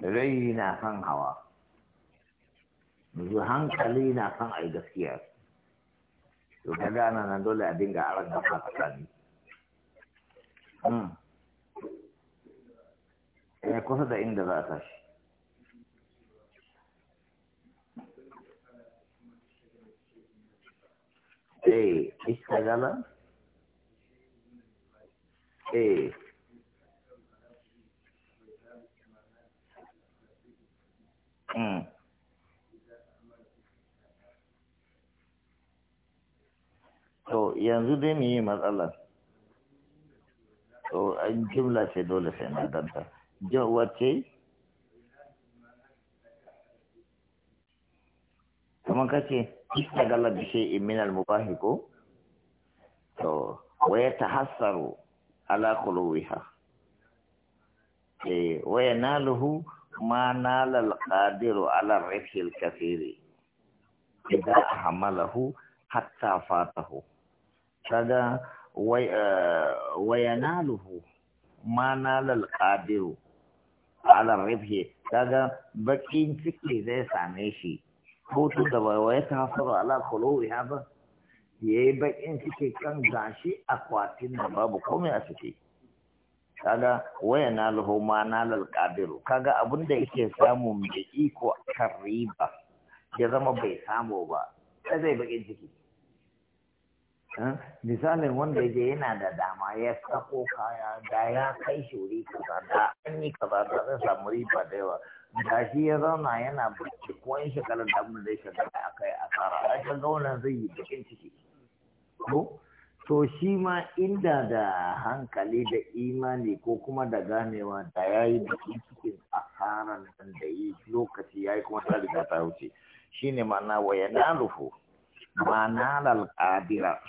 rai na kan hawa yanzu hankali na kan a yi gaskiya to ka gana nan dole a dinga a aran gaba tsakani ya hmm. eh, kusa da inda za a tashi eh ishagala eh Mm. To yanzu dai mu yi matsala. To an jimla ce dole sai na danta. Wace? Kamar kace, ista galar bishe iminal mubahi ko? To, waya ta hassaru ala kuluwiha. Eh, waya luhu. kuma nalal qadiru ala rifil kathiri idza hamalahu hatta fatahu kada way eh, wayanaluhu ma nalal qadiru ala rifhi bakin ciki zai same shi ko to da wai ta fara ala kulubi haba yayi bakin ciki kan gashi akwatin da babu komai a ciki kaga waya na ma na lalƙadiru kaga abin da yake samu mai iko kan riba ya zama bai samu ba ta zai bakin ciki hmm? misalin wanda je yana da dama ya sako kaya da ya kai shuri kaza da an yi kaza da zai samu riba da yawa da shi ya zauna yana bacci ko in shekarar da abin da ya a kai a asara a ga zai yi bakin ciki to shi ma inda da hankali da imani ko kuma da ganewa da ya yi baki cikin asaran nan da yi lokaci ya yi kuma ta riga ta wuce shi ne waya na rufu ma na lalƙadira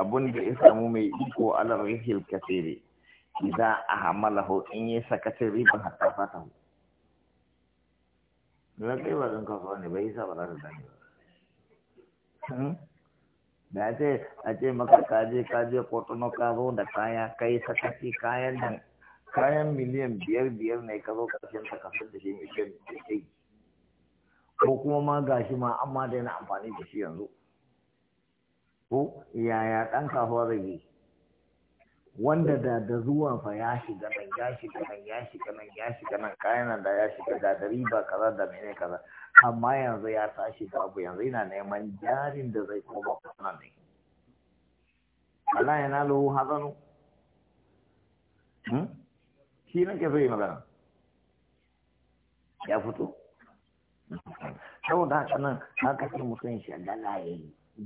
abun da ya samu mai iko alar rikil kasiri za a hamala ho in yi sakacin a tafata mu na kai ba zan kasuwa ne bai yi sabarar da ne ba da ce a ce maka kaje kaje kotuno ka zo da kaya kai sakaci kayan nan kayan miliyan biyar biyar ne ka zo karshen ta kasar da shi miliyan biyar ko kuma ma gashi ma amma da yana amfani da shi yanzu ko yaya ɗan kasuwa zai yi wanda da da zuwan fa ya shiga nan ya shiga nan ya shiga nan ya shiga nan kayan nan da ya shiga da riba kaza da mene kaza amma yanzu ya tashi abu yanzu yana neman jarin da zai koma kusa ne Allah ya nalo hazanu hmm? shi nan ke zai yi magana ya fito saboda haka nan haka ce mutum shi dala ya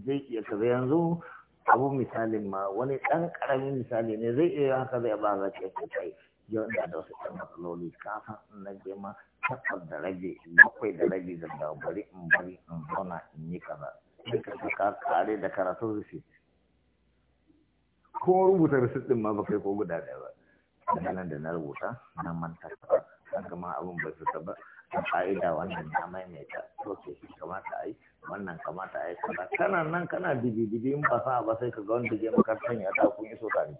zai iya kaza yanzu abu misalin ma wani ɗan ƙaramin misali ne zai iya haka zai ba za ce kai yau da da wasu ɗan matsaloli kafin in na je ma takwas da rabi bakwai da rabi da dabari in bari in zauna in yi kaza in ka saka kare da karatun rufe ko rubuta rufe ɗin ma bakwai ko guda ɗaya ba Da nan da na rubuta na manta ba kan kama abin ba su ba a ƙa'ida wannan na maimaita to ke kamata a yi wannan kamata a yi kana nan kana dibi dibi in ba sa ba sai ka ga wanda je makarantar ya ta kun iso ne.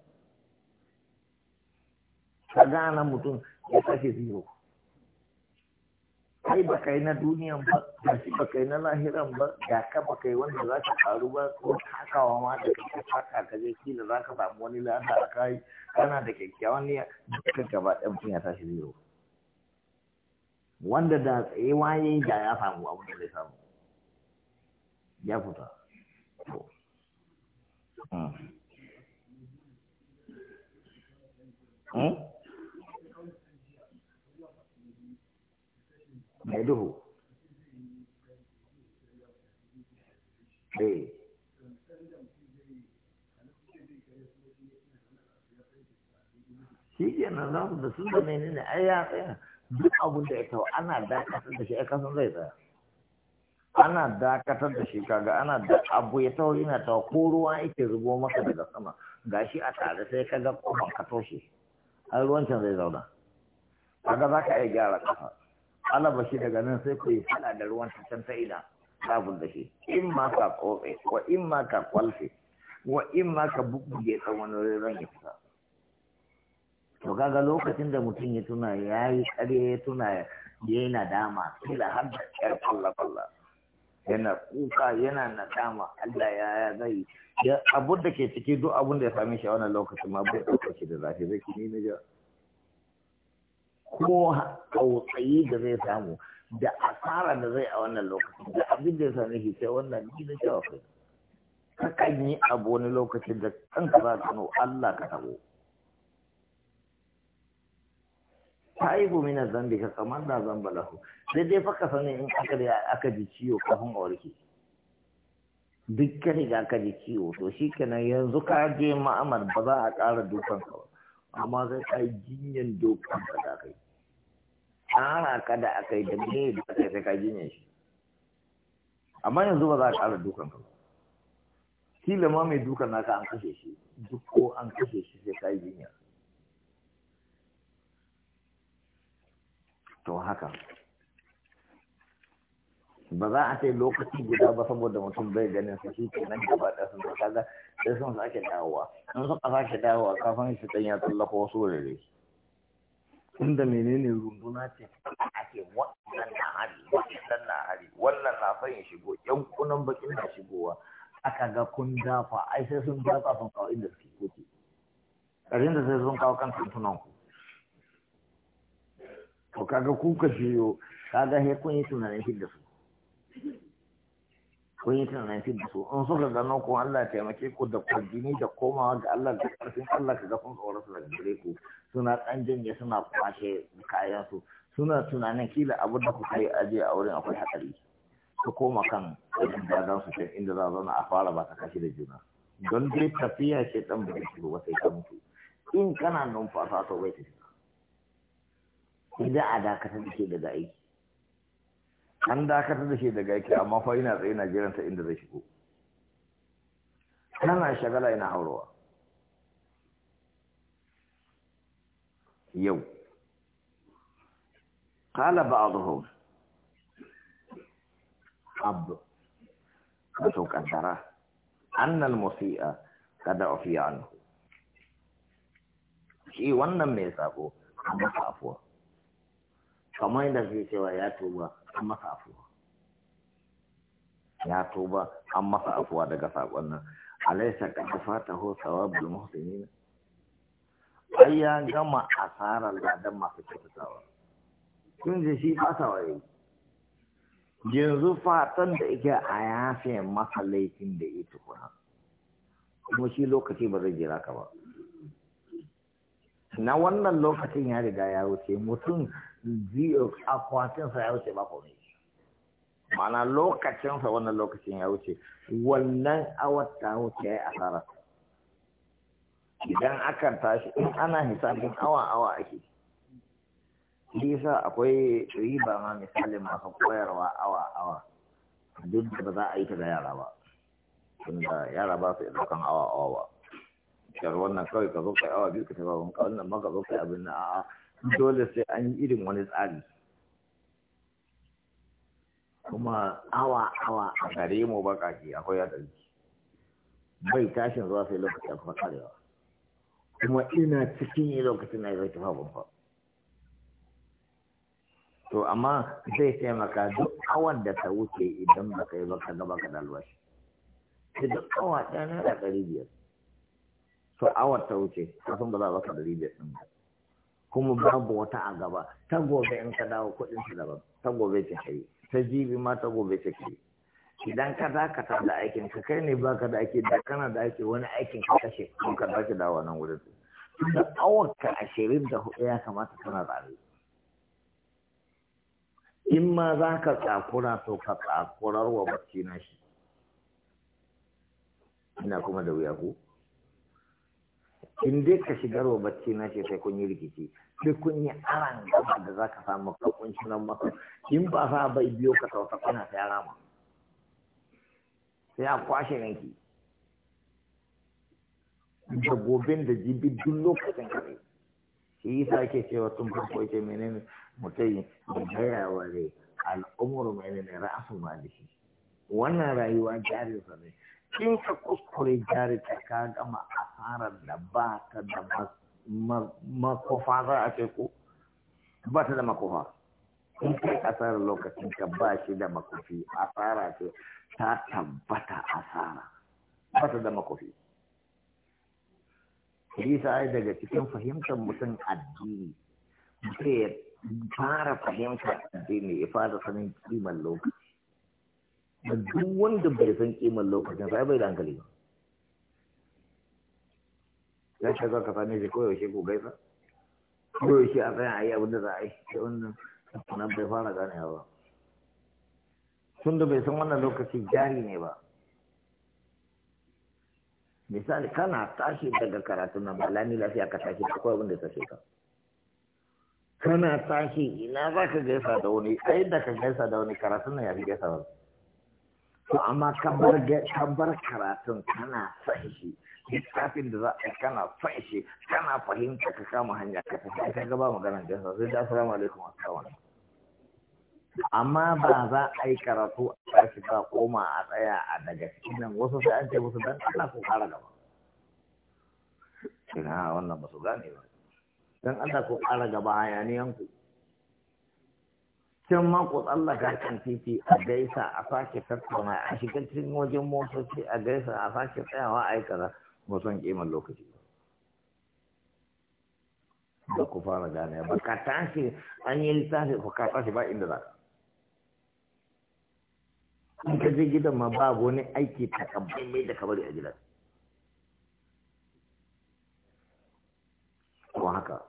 ka gana mutum ya tashi zero kai ba kai na duniyan ba ba shi ba kai na lahiran ba ya ka ba kai wanda za ka faru ba ko takawa ma da ka taka ka je kila za ka samu wani lada a kai kana da kyakkyawan niyya duka gaba ɗan mutum ya tashi zero wanda da tsaye waye da ya samu abu da zai samu ya fita Hmm? hmm? mai duhu eh. shi ke nan za su da sun da mene ne ai ya tsaya duk abin da ya kawo ana dakatar da shi ai kasan zai tsaya ana dakatar da shi kaga ana da abu ya tawo yana tawo ko ruwa yake zubo maka daga sama gashi a tare sai kaga kofar ka toshe ai ruwan can zai zauna kaga za ka iya gyara kasa. alaba shi daga nan sai ku yi hada da ruwan tattan ta ina sabon da shi in ma ka kofe wa in ma ka kwalfe wa in ma ka bubbuge ta wani rairan ya fita to kaga lokacin da mutum ya tuna ya yi kare ya tuna ya yi nadama kila har da ƙyar kwallakwalla yana kuka yana nadama Allah ya ya zai abun da ke ciki duk abun da ya sami shi a wannan lokacin ma bai ɗaukar shi da zafi zai kini na jawa ko kautsayi da zai samu da asara da zai a wannan lokacin da abin da ya sami shi sai wannan ni na cewa kai kakan yi abu wani lokacin da kanka za ka Allah ka tabo taibu mina zambi ka kamar da zamba lahu sai dai faka sani in aka da aka ji ciwo kafin a warke duk ka ga aka ji ciwo to shi kenan yanzu ka je ma'amar ba za a ƙara dukan ka ba amma zai ka jinyan dokan ka da kai tsara ka da aka yi da ne da kai sai ka jinyan shi amma yanzu ba za ka ƙara dokan ka kila ma mai dukan naka an kashe shi duk ko an kashe shi sai ka jinya to haka ba za a ce lokaci guda ba saboda mutum bai ganin su shi ke nan gaba da sun kaga sai sun sake dawowa sun suka sake dawowa kafin su dan ya tsallaka wasu wurare inda menene runduna ce ake wannan na hari wannan na hari wannan na son shigo yan kunan bakin na shigowa aka ga kun dafa ai sai sun dafa sun kawo inda suke koke ƙarin da sai sun kawo kan tuntunan ku to kaga ku ka jiyo kaga sai kun yi tunanin shi da su ko yi tunanin da su in suka gano ko Allah taimake ku da kwarjini da komawa ga Allah da karfin Allah ka ga kun tsoro su daga gare ku suna kan jinya suna kwace kayan su suna tunanin kila abin da kuka yi ajiye a wurin akwai hatsari ka koma kan wajen dadan su can inda za a zauna a fara ba ta kashi da juna don dai tafiya ce ɗan ba shi ba sai ka mutu in kana numfasa to bai tafi idan a dakatar da ke daga aiki an dakatar da shi daga yake amma fa yana tsaye Najeriya ta inda zai shigo kana shagala yana aurewa yau Kala a qala ba'dhum abd wato kaddara annal musi'a kada fiye an shi wannan mai sako amma afuwa kamar yadda zai cewa ya tuba an masa afuwa ya tuba an masa afuwa daga sakon nan alaisa ka fata ho sawabul muhsinin ai ya gama asarar ladan masu kyautatawa kun ji shi fasawa waye yanzu fatan da yake a yafe masa laifin da ya tukuna kuma shi lokaci ba zai jira ka ba na wannan lokacin ya riga ya wuce mutum akwatinsa ya wuce ba komai mana lokacinsa wannan lokacin ya wuce wannan awar ta wuce ya asara idan aka tashi in ana hisabin awa awa ake bisa akwai riba ma misalin masu koyarwa awa awa duk da ba za a yi ta da yara ba tunda yara ba su ɗaukan awa awa ba shar wannan kawai ka zo kai awa biyu ka wani kawai wannan ma ka zo kai abin na a'a dole sai an yi irin wani tsari kuma awa awa a gare mu bakaki akwai hadari bai tashin zuwa sai lokaci akwai kuma kuma ina cikin yi lokacin na yi zai tafa babba to amma zai taimaka duk awan da ta wuce idan ba ka yi ba gaba ka dalwa shi sai duk awa ɗaya na da ɗari biyar to awar ta wuce kasan ba za a baka ɗari biyar ɗin ba kuma babu wata a gaba ta gobe in ka dawo kudin su daban ta gobe ta kai ta jibi ma ta gobe ta kai idan ka dakata da aikin ka kai ne baka da ake da kana da ake wani aikin ka kashe ko ka dace dawo nan wurin tunda ka ashirin da hudu ya kamata kana tsare in ma za ka tsakura to ka tsakurar wa bacci na shi ina kuma da wuya ku in dai ka shigar wa bacci na shi sai kun yi rikici sai kun yi aran gaba da za ka samu kakun sunan maka in ba sa bai biyo ka sauta kana sai rama sai a kwashe ranki da gobin da jibi duk lokacin kare shi yasa ke cewa tun farko ita menene mutum da gaya wa rai al'umur menene ra'asu shi wannan rayuwa jarinsa ne Kin ka kuskure jari ka gama asarar da ba ka da masu makofa za a ce ko ba ta da makofa in yi asarar lokacin ka ba shi da makofi asara ce ta tabbata asara ba ta da makofi Isa ai daga cikin fahimtar mutum addini ya fara fahimtar addini ya fara sanin kimar lokaci duk wanda bai san kimar lokacin sai bai da hankali ba kai zaka fa ne ko koyaushe ko gaisa koyaushe a tsayin a yi abin da za a yi sai wannan nan bai fara ganewa ba tun bai san wannan lokaci jari ne ba misali kana tashi daga karatun nan ba lani lafiya ka tashi akwai abin da ta ka kana tashi ina za ka gaisa da wani ai da ka gaisa da wani karatun nan ya fi gaisa ba to amma kabar karatun kana san littafin da za a kana son shi kana fahimta ka kama hanya ka fi ka ga ba magana da sa sai da assalamu alaikum assalamu amma ba za a yi karatu a tashi ba koma a tsaya a daga cikin wasu sai an ce musu dan Allah ku kara gaba ina wannan ba su gane ba dan Allah ko kara gaba hayaniyan ku can ma ku tsallaka kan titi a gaisa a sake tattauna a shiga cikin wajen motoci a gaisa a sake tsayawa a yi karatu. ba son kiman lokaci ba ku fara gane ba ka tashi an yi littafi ba ka tashi ba inda za in ka je gidan ma ba wani aiki ta takabbai mai da kabari a gidan ko haka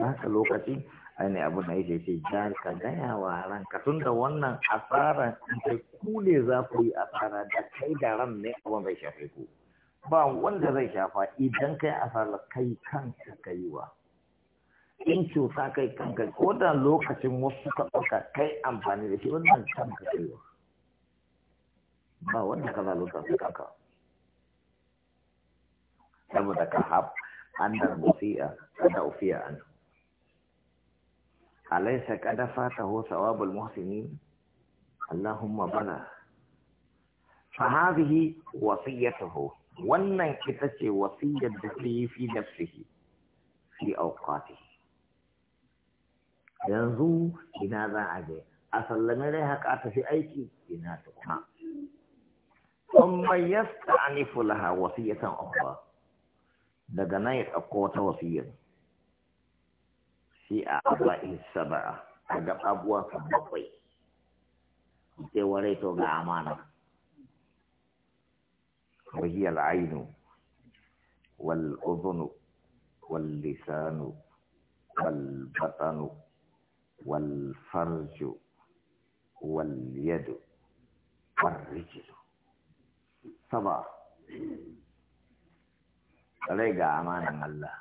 ba lokaci ainihin abu na yake ce jihar ka gaya wa ranka tun da wannan asara kai kule za ku yi asara da kai da ran ne abin bai shafe ku ba wanda zai shafa idan kai asara kai kanka kai wa in cuta kai kanka ko da lokacin wasu ka ɗauka kai amfani da shi wannan kanka kai wa ba wanda ka zalunta su kanka saboda ka hab an da musi'a da ufiya an alaisa kada fata ho sawabul muhsinin allahumma bala fa hadhihi wasiyatuhu wannan ita ce wasiyar da ta yi fi nafsihi fi auqati yanzu ina za a je a sallame dai haka ta fi aiki ina ta kuma thumma yasta'nifu laha wasiyatan ukhra daga nan ya ɗauko wata wasiyar shi a arba'in saba'a daga gaɓaɓuwan bakwai sai warai to ga amana وهي العين والأذن واللسان والبطن والفرج واليد والرجل صبا عليك أمانة الله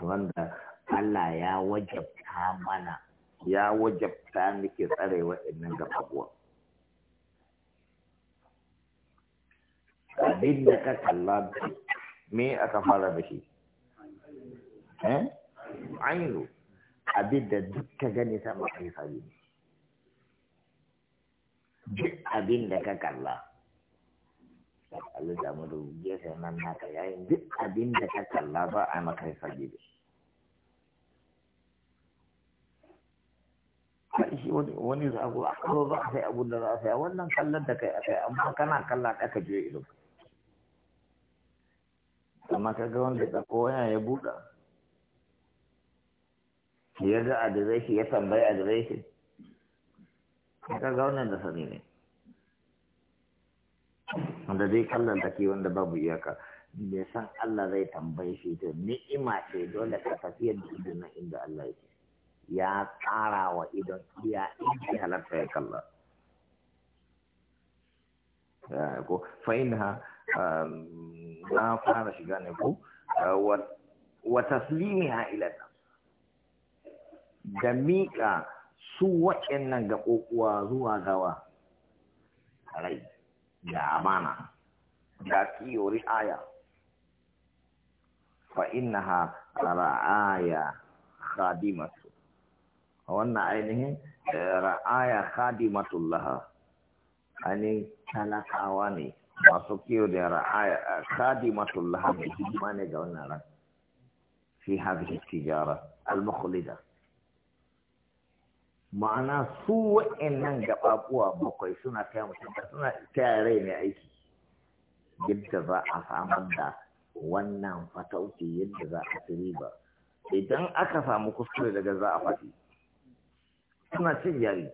وأن الله يا وجب تامنا يا وجب تامك ترى وإنك أقوى abin da ka kalla me aka fara da shi eh ainu abin da duk ka gani sama kai sabi ne duk abin da ka kalla Allah da mu rubuce sai nan naka yayin duk abin da ka kalla ba a maka sabi ne shi wani zago a kawo ba a sai abun da za a sai wannan kallon da kai a sai amma kana kalla ka ka je ido amma kaga wanda da koya ya buɗa ya ga adireshi ya tambayi adireshi kaga wannan da sani ne wanda zai kallon take wanda babu iyaka ya san Allah zai tambaye shi ta ni'ima ce dole ka tafi da idon na inda Allah yake ya tsara wa idon iya inda halarta ya kalla ko fa um, na fara shiga ne ko ah, wa ha ila da miƙa su waɗannan ga kokuwa zuwa gawa rai Ya amana da kiyo aya. fa innaha ra'aya khadimatu wannan ainihin eh, ra'aya khadimatullah ani talakawa ne masu kiyo da ra'aya masu lahabi hidima ne ga wannan ran fi da tijara al-mukhlida ma'ana su wa'annan gababuwa bakwai suna kai mutum suna kai rai mai aiki yadda za a samar da wannan fatauci yadda za a ci riba idan aka samu kuskure daga za a faɗi suna cin jari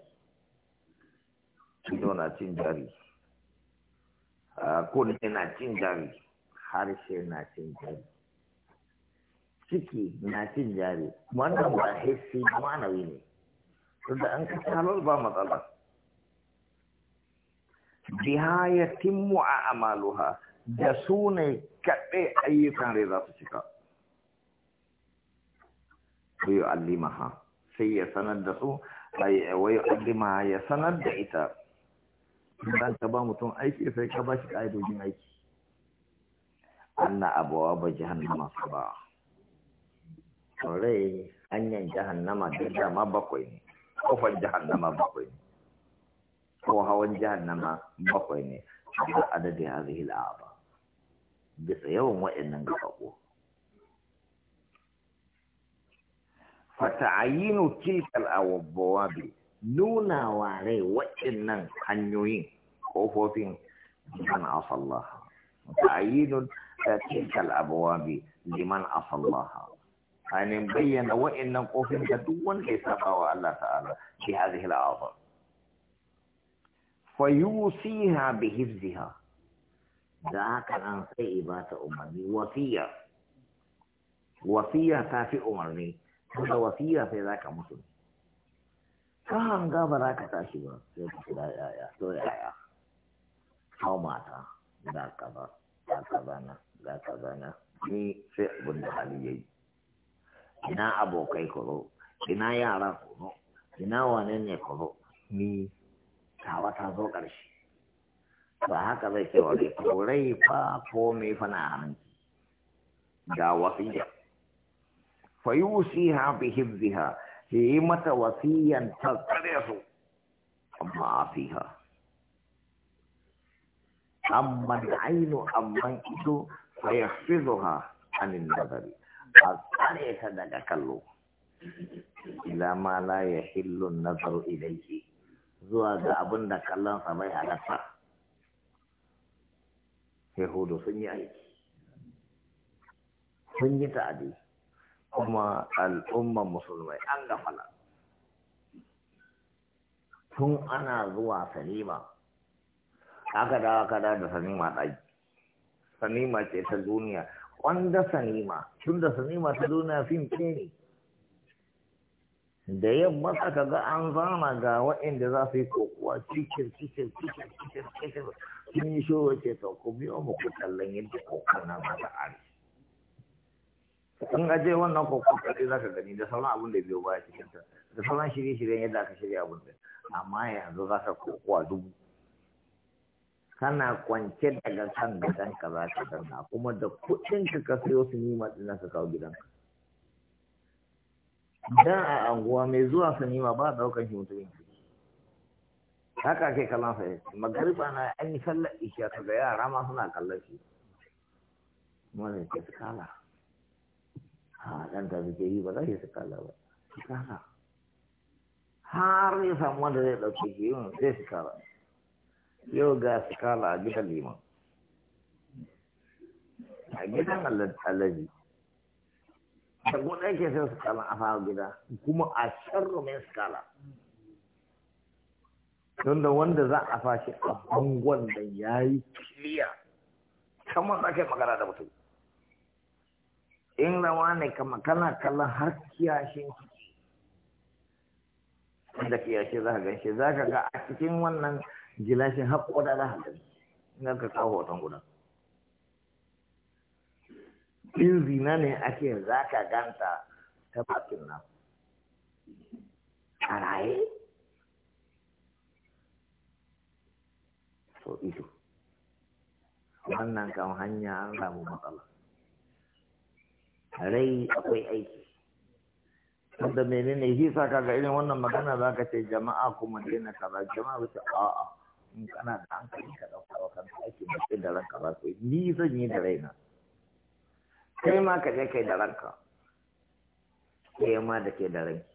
suna cin jari kunne na cin jari harshe na cin jari ciki na cin jari wannan ba hissi manawi ne tunda an ka talar ba matsala biha ya timmu a amaluha da su ne kaɗai ayyukan rai za su cika wayo allimaha sai ya sanar da su wayo allimaha ya sanar da ita za ka ba mutum aiki sai ka ba shi ƙa'idojin aiki anna abuwa ba jahannama su ba saurai hanyar jahannama da dama bakwai ne kofar jahannama bakwai ne ko hawan jahannama bakwai ne da adadin hazihi la'aba bisa yawan wa'annan gafaƙo fata'ayinu tilkal awabbawabi nuna wa rai waɗannan hanyoyin ƙofofin liman asallaha ta'yinun tilkal abwabi liman asallaha ainihin bayyana waɗannan ƙofin da duk wanda ya saba wa Allah ta'ala shi hadhihi al'azam fa yusiha bi hifziha da haka nan sai ibata umarni wasiya wasiya ta fi umarni tunda wasiya sai zaka mutunta ka hanga ba za ka tashi ba sai ka kira yaya to yaya hau mata za ka ba za ka ba na da ka ba na ni sai abin da hali ya yi ina abokai kuro ina yara kuro ina wane ne kuro ni tawa ta zo ƙarshe ba haka zai ce wa kurai fa ko me fa na hanci ga wasiya fa yusiha bi hibziha ya yi mata wasiyan ta tsare su amma a fiha amma da ainu amma ido fa ya fi zuha anin nazari a tsare ta daga kallo ila la ya hillun nazaru ilaihi zuwa ga abin da kallonsa bai halatta yahudu sun yi aiki sun yi ta'adi kuma al'umman musulmai an gafala tun ana zuwa salima aka dawa kada da salima ɗai salima ce ta duniya wanda salima tun da salima ta duniya fim ce ne da yamma aka ga an zama ga waɗanda za su yi kokowa cikin cikin cikin cikin cikin cikin cikin cikin cikin ta ku cikin cikin cikin cikin yadda cikin cikin cikin ari in je wannan kokon kaɗai za ka gani da sauran abin da biyo baya cikin ta da sauran shirye-shiryen yadda aka shirya abin da amma yanzu za ka kokowa dubu kana kwance daga kan gadon ka za ka danna kuma da kuɗin ka ka sayo su nima ɗin ka kawo gidan ka. dan a anguwa mai zuwa su nima ba ɗaukan shi mutumin haka ke kallon sa magariba na an yi sallar isha ka ga yara ma suna kallon shi. Mwane ta kala. ha dan ta zuke yi ba za shi su kalla ba su har ya samu wanda zai ɗauke shi yin sai su kalla yau ga su kalla a gidan liman a gidan alaji da gudu yake sai su a fara gida kuma a sharru mai su kalla don da wanda za a fashi a bangon da ya yi kiliya kamar ake magana da mutum in rawa ne kama kana kallon har kiyashin da kiyashi za ka ganshi za ka ga a cikin wannan gilashin haƙƙo da za ka gani in ka kawo hoton guda in zina ne ake za ka ganta ta bakin nan a raye so ido wannan kan hanya an samu matsala rai akwai aiki wanda menene shi sa kaga irin wannan magana za ka ce jama'a kuma daina kaza jama'a ce a'a in kana da hankali ka ɗauka wa kanka aiki ba sai da ranka ba sai ni zan yi da raina kai ma ka je kai da ranka kai ma da ke da ranki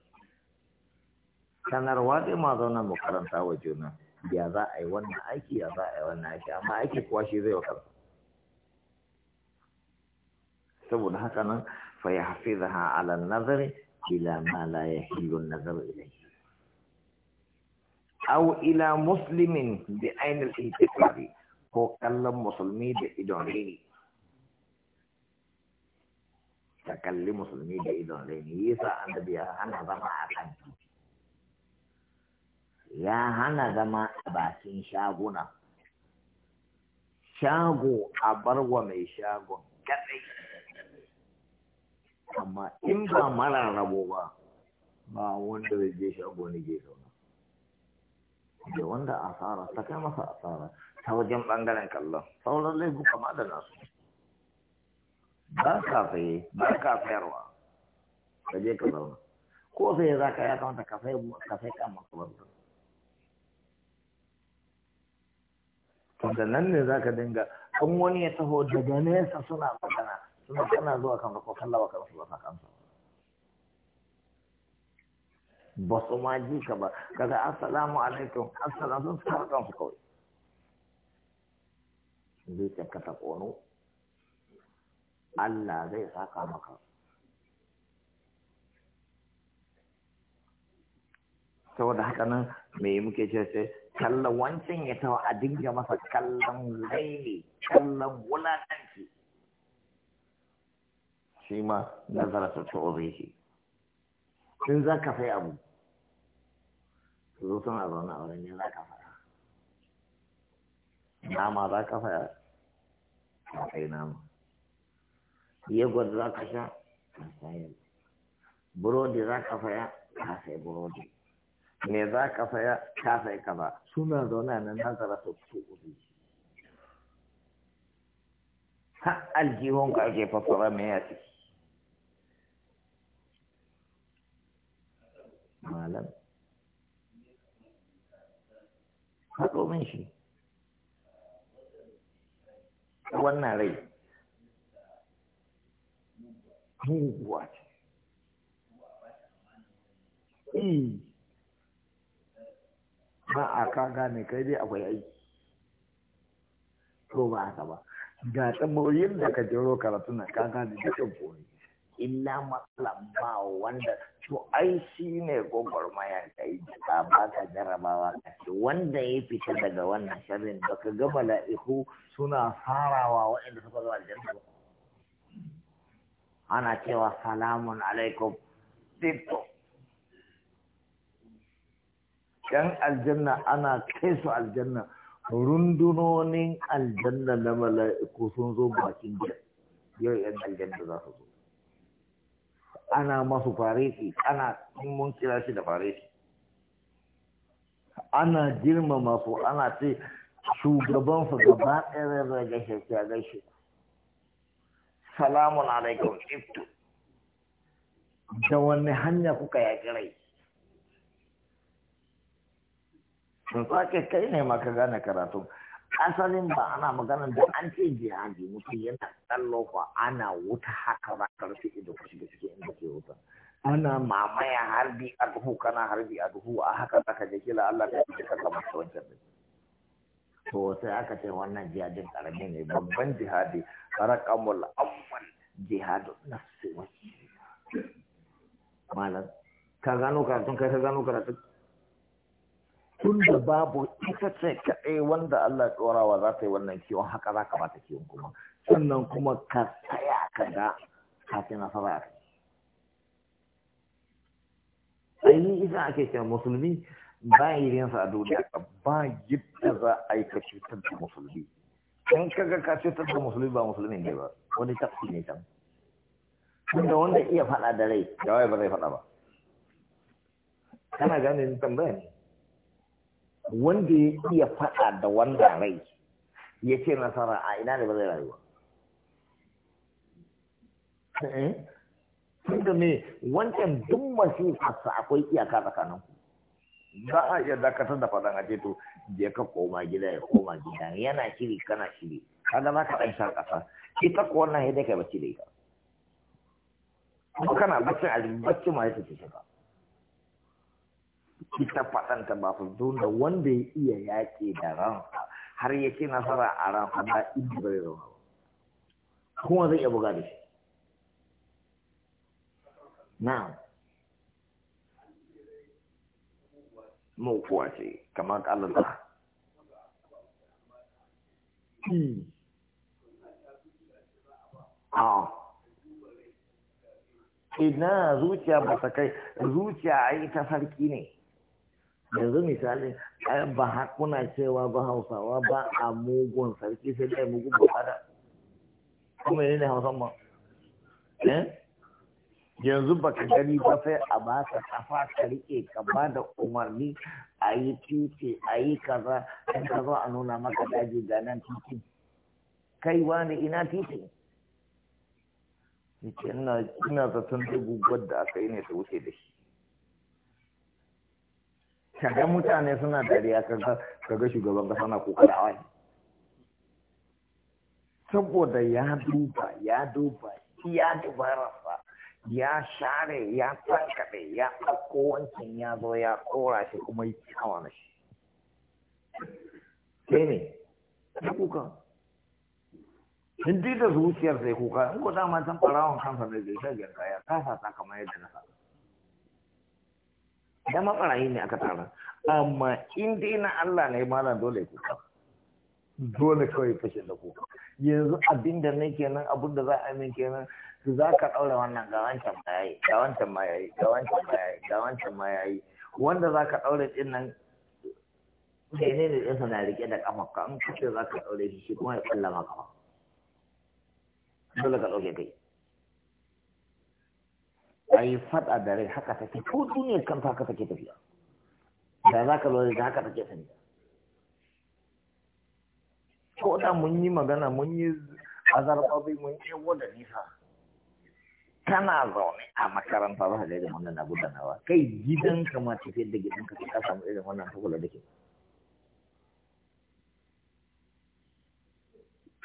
sanarwa dai ma zauna mu karanta wa juna ya za a yi wannan aiki ya za a yi wannan aiki amma aiki kuwa shi zai wa kansa سبونها كان نعم، فيحفظها على النظر إلى ما لا يحل النظر إليه أو إلى مسلم بأين الانتقال هو كلم مسلمي بإدعيني تكلم مسلمي بإدعيني يسا أن بيها هنا ذما أخذ يا هنا ذما أباسين شاغونا شاغو أبر ومي شاغو كذي amma in ba mara rabo ba ba wanda zai je shago ne ke zauna da wanda asara ta kai masa asara ta wajen bangaren kallon sauran laifu kama da nasu ba ka faye ba ka ka je ka zauna ko sai za ka ya kamata ka fai kan wanda da nan ne za ka dinga an wani ya taho daga nesa suna magana suna kana zuwa kan ko kan ka musu ba kansa ba su ma ji ka ba kaga assalamu alaikum assalamu sun fara kansu kawai zai tabbata kono Allah zai saka maka saboda haka nan me muke ce sai kallon wancan ya tawa a dinga masa kallon laili kallon wulatanci shi ma nazara ta ta'obe shi in za ka fai abu su zo suna zaune a wurin ne za ka fara nama za ka fara ka kai nama yagwar za ka sha ka sayar burodi za ka faya ka sai burodi me za ka faya ka sai kaza suna zaune a nan nazara ta ta'obe shi har ka ake fassara mai ya ciki malam haɗo min shi wannan rai muguwa ce eh. ba a ka gane kai dai akwai aiki to ba haka ba ga tsammoyin da ka jero karatu na ka gane dukkan koyi illa matsala ba wanda to ai shi ne gwagwarmaya ka yi jika ba ka jarabawa ka ce wanda ya fita daga wannan sharrin ba ka ga mala'iku suna farawa waɗanda suka zo aljanna ana cewa salamun alaikum dito yan aljanna ana kai su aljanna rundunonin aljanna na mala'iku sun zo bakin gida yau yan aljanna za su zo ana masu farisi ana mun kira shi da farisi ana girmama mafu, ana ce su gaba ɗaya da gaishe gaishe salamun alaikum iftu da wani hanya kuka yaƙi rai sun sake kai ne maka gane karatu asalin ba ana magana da an ce jihadi mutum yana tsallo lokwa ana wuta haka ba karfi ido ku shiga cikin inda ke wuta ana mamaya harbi a duhu kana harbi a duhu a haka zaka je kila Allah ya yi ka ta wancan din to sai aka ce wannan jihadin karami ne babban jihadi rakamul awwal jihadu nafsi wa malam ka gano karatun kai ka gano karatun tun da babu ita ce kaɗai wanda Allah tsorawa za ta yi wannan kiwon haka za ka bata kiwon kuma sannan kuma ka tsaya ka ga ka na fara a kai ainihin isa ake kira musulmi ba yi sa a duniya ba yadda za a yi ka cutar da musulmi ka kaga ka cutar da musulmi ba musulmi ne ba wani tafsi ne can wanda wanda iya faɗa da rai da ba zai faɗa ba kana gane tambaya ne wanda ya iya faɗa da wanda rai ya ce nasara a ina ne ba zai rayuwa eh? da me wancan duk masifarsa akwai iyaka tsakanin ku. za a iya dakatar da faɗan a ce to je ka koma gida ya koma gida yana shiri kana shiri kaga za ka ɗan shan ƙasa ita ko wannan ya dai kai bacci da ita kana baccin a baccin ma ya ce ta ita faɗanta ba su da wanda ya iya yaƙi da ransa har ya ce nasara a ransa ba inda bai zama kuma zai iya buga da shi na kuwa ce kamar ƙalala a hmm. ina zuciya ba ta kai zuciya ai ta sarki ne yanzu misali ba hakuna cewa ba hausawa ba a mugun sarki sai dai mugun bukada kuma yi ne hausan ba eh? yanzu ba ka gani ba sai a ba ka kafa ka rike ka ba da umarni a yi titi a yi kaza in ka zo a nuna maka daji ga nan titi kai wani ina titi ina zaton dubu da aka yi ne ta wuce da shi kaga mutane suna dariya kaga kaga shugaban kasa na kokara wai saboda ya duba ya duba ya dubararsa ya share ya tsakaɗe ya ɗauko wancan ya zo ya ɗora shi kuma yi kyawa na shi sai ne ya kuka hindi da zuciyar sai kuka in ko dama san ɓarawon kansa ne zai shagar ya kasa ta kamar yadda na sa da matsarayi ne aka tara amma in dai na Allah ne malam dole kuka dole kawai fashe da ku yanzu abin da ne kenan abin da za a min kenan za ka daura wannan ga wancan ma yayi ga wancan ma yayi ga wancan ma yayi ga wancan wanda za ka daura din nan ne ne ɗinsa na rike da kafa ka an kace za ka ɗaure shi kuma ya ƙalla ma dole ka dauke kai a yi faɗa da rai haka take ko duniyar kanta haka take tafiya da za ka lura da haka take tafiya ko da mun yi magana mun yi azarbabi mun yi yawo da nisa kana zaune a makaranta ba da irin wannan na gudanawa kai gidanka ma tafiya da gidanka ka samu irin wannan tukula da ke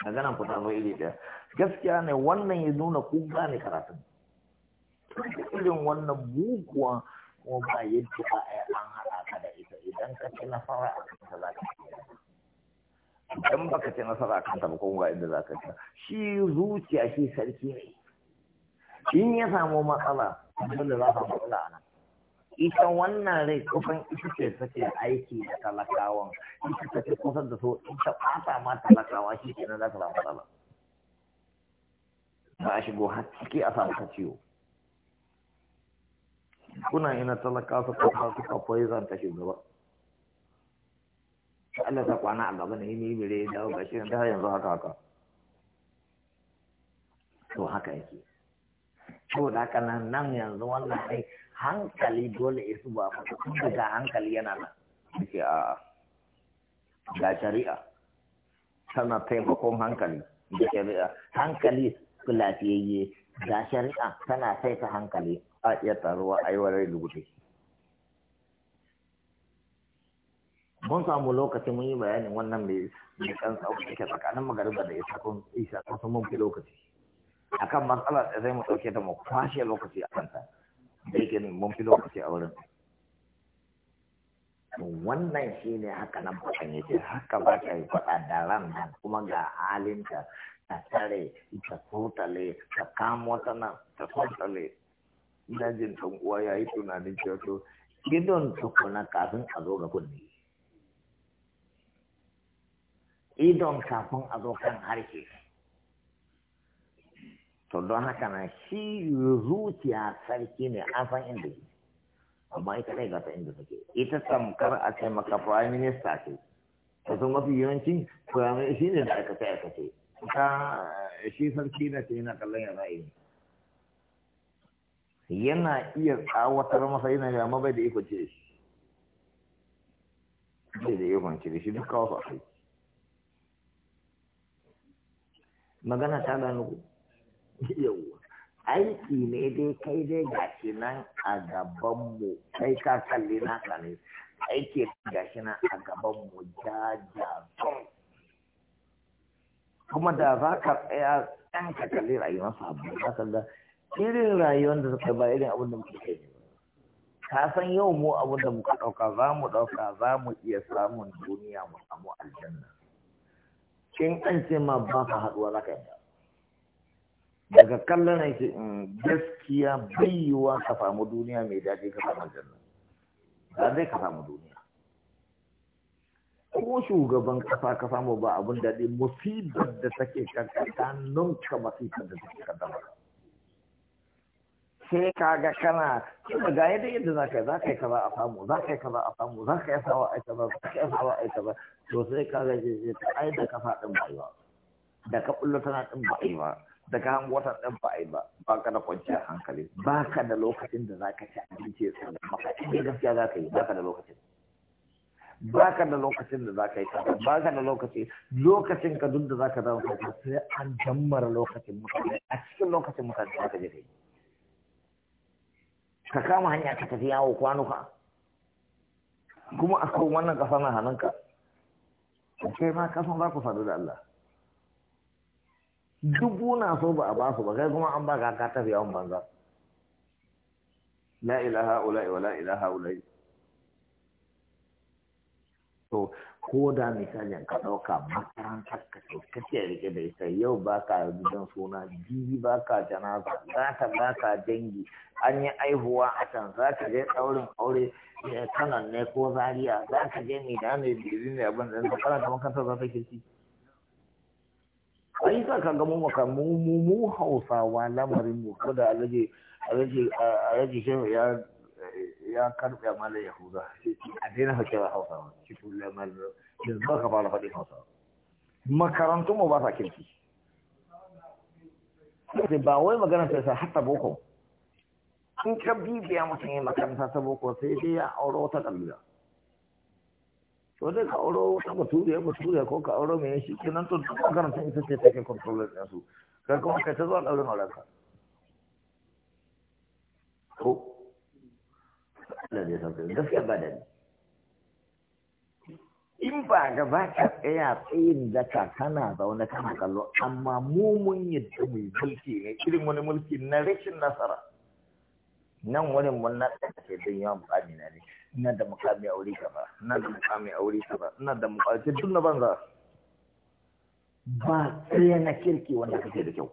maganan ku ta zo iri ɗaya gaskiya ne wannan ya nuna ku gane karatun irin wannan muguwa kuma ba yadda ba a an haɗa ka da ita idan ka ci nasara a kanta za ka ci idan ba ka ci nasara a kanta ba kuma ba inda za ka ci shi zuciya shi sarki ne in ya samu matsala dole za ka matsala a nan ita wannan rai kusan ita ce take aiki da talakawan ita ce kusa da so ita ɓata ma talakawa shi kenan za ka samu matsala ba a shigo har ciki a samu ka ciwo kuna ina talaka su kafa su kafa zanta gaba Allah ta kwana a gaba na yi mimire ya dawo shi da yanzu haka haka to haka yake da haka nan nan yanzu wannan ai hankali dole ya su ba ku tun daga hankali yana nan yake a ga shari'a tana taimakon hankali da shari'a hankali lafiyayye ga shari'a tana saita hankali a iya taruwa a yi wa rai lugude mun samu lokacin mun yi bayanin wannan mai mai kan tsawon ke tsakanin magariba da isa kun isa kun sun mun fi lokaci akan matsala da zai mu ɗauke da mu kwashe lokaci a kanta da yake mun fi lokaci a wurin wannan shi ne haka nan faɗan yake haka ba ka yi faɗa da ran nan kuma ga halinta ta tare ta totale ta kamo ta nan ta totale ina jin ɗan uwa ya yi tunanin cewa to gidan tukuna kafin a zo ga kunne idon kafin a zo kan harke. to don haka na shi zuciya sarki ne an san inda ke amma ita kai gata inda take ita tamkar a ce maka prime minister ce ta sun mafi yawancin prime shi ne da aka kai aka ce ta shi sarki na ce yana kallon ya ra'ayi yana iya tsawatar masa yana da amma bai da iko ce shi bai da iko ce shi duk kawo akai magana ta gano ku yawwa aiki ne dai kai dai gashi nan a mu kai ka kalli na ne aiki gashi nan a ja ja tun kuma da za ka tsaya ɗan ka kalli rayuwar sabu za ka ga irin rayuwar da suka ba irin abin da muke kai ka san yau mu abin da muka ɗauka za mu ɗauka za mu iya samun duniya mu samu aljanna in an ce ma ba ka haɗuwa za ka yi daga kallon na in mm, gaskiya bayyuwa ka samu duniya mai daɗi ka samu aljanna ba zai ka samu duniya ko shugaban kasa ka samu ba abin daɗi musibar da take kankan ta nunka masifar da take kankan sai ka ga kana kuma ga yadda yadda za ka yi za ka yi kaza a samu za ka yi kaza a samu za ka yi sawa a kaza za ka yi sawa a kaza to sai ka ga je ta ai da kafa din ba ba da ka bullo tana din ba ba da ka hango ta din ba ba ba ka da kwanciyar hankali ba ka da lokacin da za ka ci abinci ya tsaya da in gaskiya za ka yi ba ka da lokacin ba ka da lokacin da za ka yi kaza ba ka da lokaci lokacin ka duk da za ka zama sai an jammara lokacin mutane a cikin lokacin mutane za ka je kai ka kama hanya ka tafi yawo kwanuka kuma a kan wannan kasa na hannunka kai ma kasan za ku faru da Allah dubu na so ba a basu ba kai kuma an ba ka ka tafi yawon banza la ilaha ula'i wa la ilaha ula'i to ko da misalin ka ɗauka makarantar ka ce rike da ita yau ba ka gidan suna jibi ba ka janaza za ka ba ka dangi an yi aihuwa a can za ka je ɗaurin aure eh, kanan ne ko zariya za ka je mai da ne biyu mai abin da zai karanta makarantar za ta kirki ai za ka ga mu mu hausawa lamarin mu ko da alaji alaji eh, alaji ya ya karɓe mala yahuda ba ka fara faɗin hausawa makarantun mu ba sa kirki ba wai magana ta sa hatta boko in ka bibiya mutum ya makaranta ta boko sai dai ya auro wata to dai ka auro wata baturiya baturiya ko ka auro mai shi kenan to duk ita ce take controller ɗinsu kai kuma kai ta zuwa ɗaurin aurenka Allah zai sauke gaskiya ba da ni. in ba ga ba ka tsaya tsayin daka kana zaune kana kallo amma mu mun yadda mu mulki ne irin wani mulki na rashin nasara nan wani mun na tsaye don yawan mukami na ne ina da mukami a wuri kaba, ina da mukami a wuri kaba, ina da mukami duk na banza ba tsaye na kirki wanda kake da kyau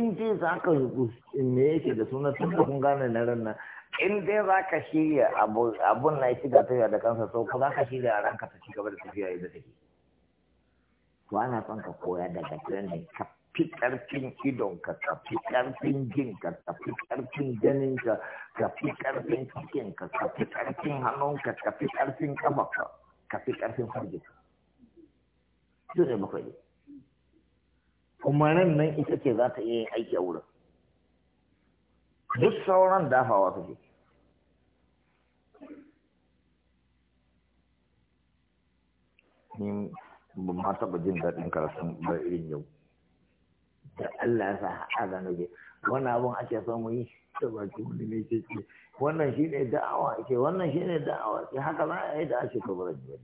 in dai za ka me yake da suna tun da kun gane na ran nan in dai za ka shirya abun na ya shiga tafiya da kansa sau ka za ka shirya a ranka ta ci gaba da tafiya yadda take to ana son ka koya daga training ka fi ƙarfin idon ka fi ƙarfin jin ka fi ƙarfin ganin ka fi ƙarfin cikin, ka fi ƙarfin hannun ka fi ƙarfin kafa ka fi ƙarfin farjinka. Dole bakwai ne. kuma nan nan ita ce za ta iya yin aiki a wurin duk sauran dafawa ta ce ni ba ma taɓa jin daɗin karatun ba irin yau da Allah ya sa a da nage wannan abin ake son mu yi da baki wani ne ke ce wannan shi ne da'awa ke wannan shi ne da'awa ke haka za a yi da ake kabarar jiya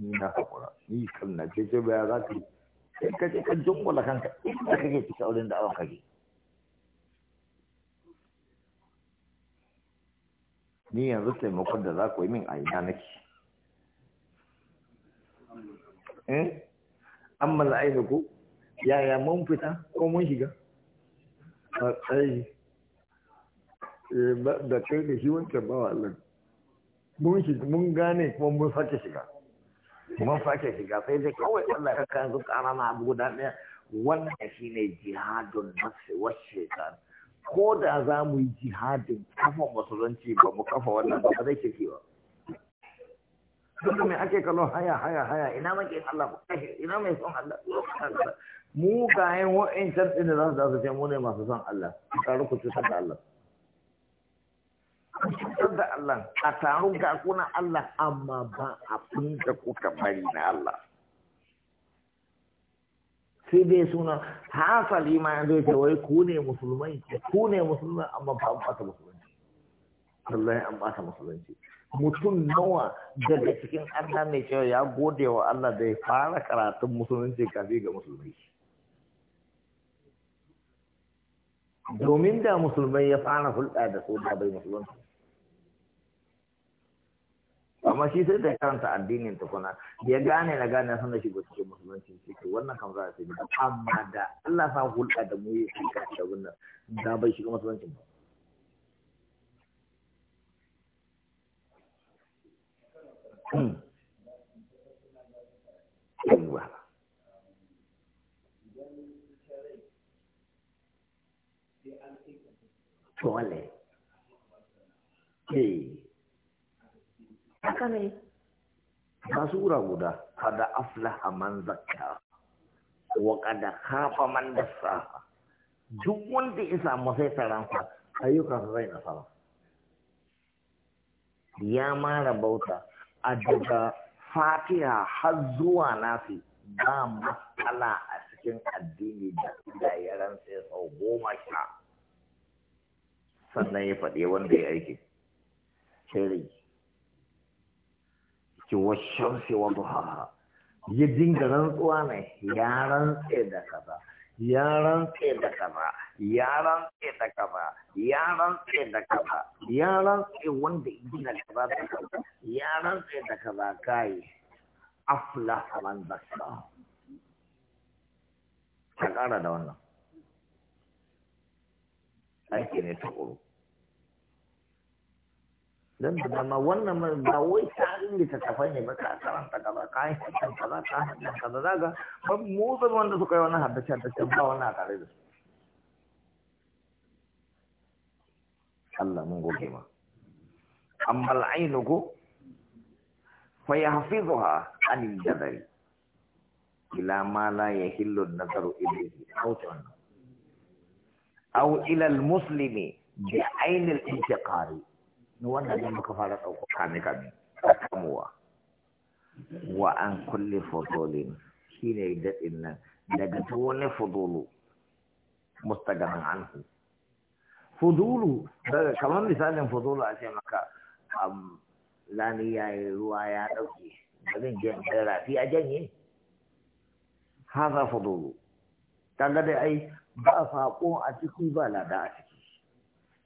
ni na haƙura ni kan na ce ce ba ya za ka yi sai ka je ka jungula kanka inda kake cika wurin da ka ke. ni yanzu taimakon da za ku yi min a ina nake eh mala la'ayi ku yaya mun fita ko mun shiga a tsayi da eh, kai da shi wancan bawa Allah mun shiga mun gane kuma mun sake shiga mun fashe shiga sai dai kawai Allah ya kan su kana na abu guda ɗaya wannan shi ne jihadun nafsi wa shaitan ko da za mu yi jihadin kafa musulunci ba mu kafa wannan ba zai ke cewa duk mai ake kallo haya haya haya ina makin Allah ku kashe ina mai son Allah mu ga yin wa'in can ɗin da za su dace mu ne masu son Allah ka rukuta da Allah a cutar da Allah a taron ga kuna Allah amma ba abin da kuka bari na Allah sai dai suna hasali ma ya zai wai ku ne musulmai ku ne musulmai amma ba an fata musulunci ya an fata musulunci mutum nawa daga cikin Allah mai cewa ya gode wa Allah da ya fara karatun musulunci kafin ga musulmai domin da musulmai ya fara hulɗa da su da bai musulunci amma shi sai da karanta addinin tukuna ya gane na gane san da shigo cikin musulunci cikin wannan kamar za a sai amma da Allah sa hulɗa da mu yi shi ka wannan da bai shiga musulunci ba hmm. yawa dole haka ne ta sura guda kada aflaha man zakka wa kada khafa man dassa duk wanda ya samu sai taransa ayyukan sa zai nasara ya mara bauta a daga fatiha har zuwa nafi ba matsala a cikin addini da ya ya rantse sau goma sha sannan ya faɗi wanda ya aiki shirin. ki washamsi wa duhaha ya dinga rantsuwa ne ya rantse da kaza ya rantse da kaza ya rantse da kaza ya rantse da kaza ya rantse wanda gina kaza da kaza ya rantse da kaza kai afla man basa ka kara da wannan aiki ne tukuru don da dama wannan ba wai tarin littattafai ne ba ka karanta gaba ka yi ka kaza ka hakan kaza za ga ba motsin wanda suka yi wani haddace haddace ba wani a tare da su Allah mun goge ma amma al'ainu ko fa ya yahfizuha anil jadari ila ma la yahillu an-nazaru ilayhi aw aw ila al-muslimi bi ayn al-intiqari na wannan ne muka fara ɗauko kame kame a wa an kulle fotolin shi ne daɗin nan daga ta fudulu mustagaman anhu fudulu daga kamar misalin fudulu a ce maka lani ya yi ruwa ya ɗauke ba zan da rafi a janye haza fudulu Ta dai ai ba saƙo a ciki ba lada a ciki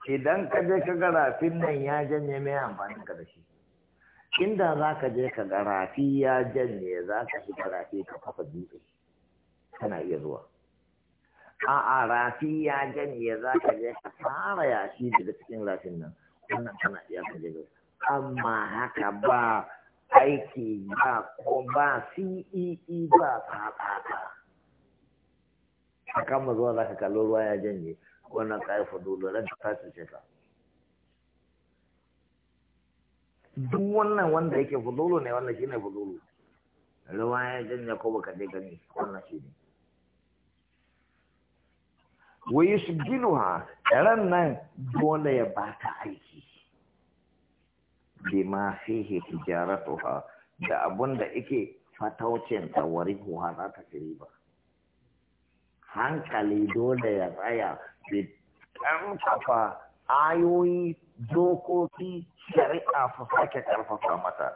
idan ka je ka ga rafin nan ya janye mai amfanin ka da shi inda za ka je ka ga rafi ya janye za ka shiga rafi ka kafa dutse kana iya zuwa a'a rafi ya janye za ka je ka fara yashi daga cikin rafin nan wannan kana iya ka je amma haka ba aiki ba ko ba CEE e, ba fafata a kan zuwa za ka kalli ruwa ya janye wannan kayan fadolo ran ta cuce ka duk wannan wanda yake fadolo ne wannan shine fadolo ruwa ya janya ko baka je gani wannan shi ne wa ha? ran nan dole ya bata aiki bima fihi tijaratuha da abun da ike fataucin tawarihuha za ta ci riba hankali dole ya tsaya tafa ayoyi dokoki shari'a su sake karfafa mata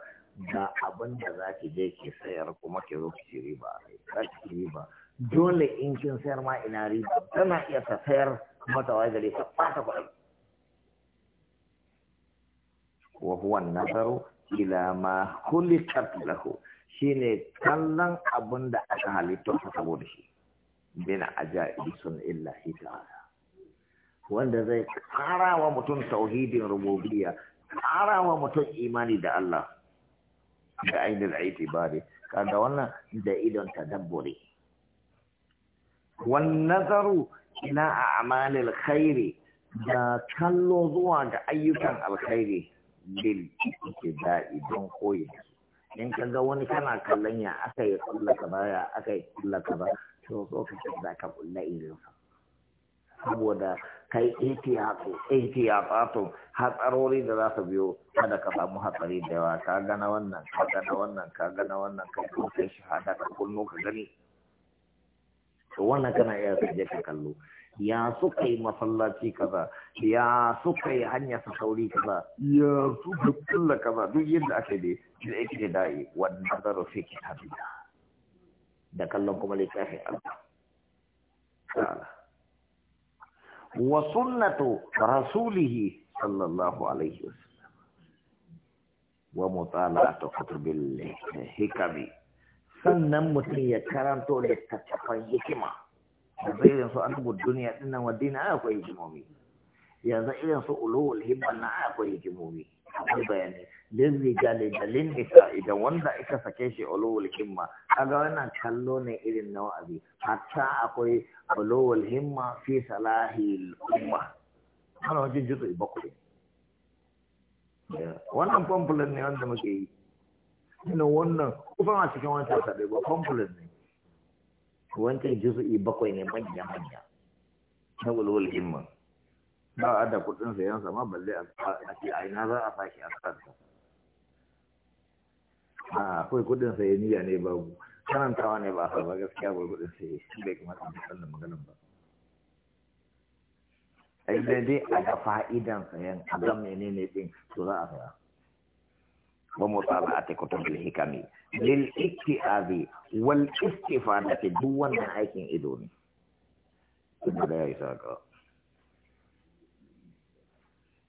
da abin da za ki je ki sayar kuma ki zo ki riba za ki riba dole in kin sayar ma ina riba tana iya ta sayar mata wai gare ta ɓata kuɗi wa huwa nazaru ila ma khuliqat lahu shine kallon abin da aka halitta saboda shi bina ajaibi sun illahi ta'ala wanda zai ƙara wa mutum tauhidin rububiyya ƙara wa mutum imani da Allah da ainihin ne kaga wannan da idon Wannan wan nazaru a a'malil khairi da kallo zuwa ga ayyukan alkhairi bil ibtida'i don koyi in ka ga wani kana kallon ya aka yi kulla ka ba ya aka yi kulla ba to so ka za ka kulla irin sa saboda kai ihtiyatatu hatsarori da za su biyo kada ka samu hatsari da yawa ka gana wannan ka gana wannan ka gana wannan ka kuma kai shahada ka kullo ka gani to wannan kana iya kaje ka kallo ya suka yi masallaci kaza ya suka yi hanya su sauri kaza ya suka kulla kaza duk yadda ake dai da yake yi wannan zaro fi kitabillah da kallon kuma littafin Allah wa sunnatu rasulihi sallallahu alaihi wasallam wa mutala'atu kutubil hikami sannan mutum ya karanto littattafan hikima da bayan su an duniya dinnan wa dina akwai hikimomi yanzu irin su ulul himman na akwai hikimomi akwai bayani lin rijali da lin isa idan wanda aka sake shi ulul himma kaga wannan kallo ne irin na wa'azi hatta akwai ulul himma fi salahil umma ana wajen jutsu bakwai wannan pamphlet ne wanda muke yi ina wannan kusan a cikin wancan sabai ba pamphlet ne wancan jutsu bakwai ne manya manya na ulul himma ba a da kudin sayan sama balle a ce a ina za a sake a kansa a kai kudin sayan niyya ne babu karantawa ne ba a ba gaskiya ba kudin sayan shi bai kuma mu sanna maganin ba a yi dai a ga fa'idan sayan a ga ne din to za a saya mu a ومطالعه كتب الحكم للاكتئاب da دون عيك aikin لا يساقا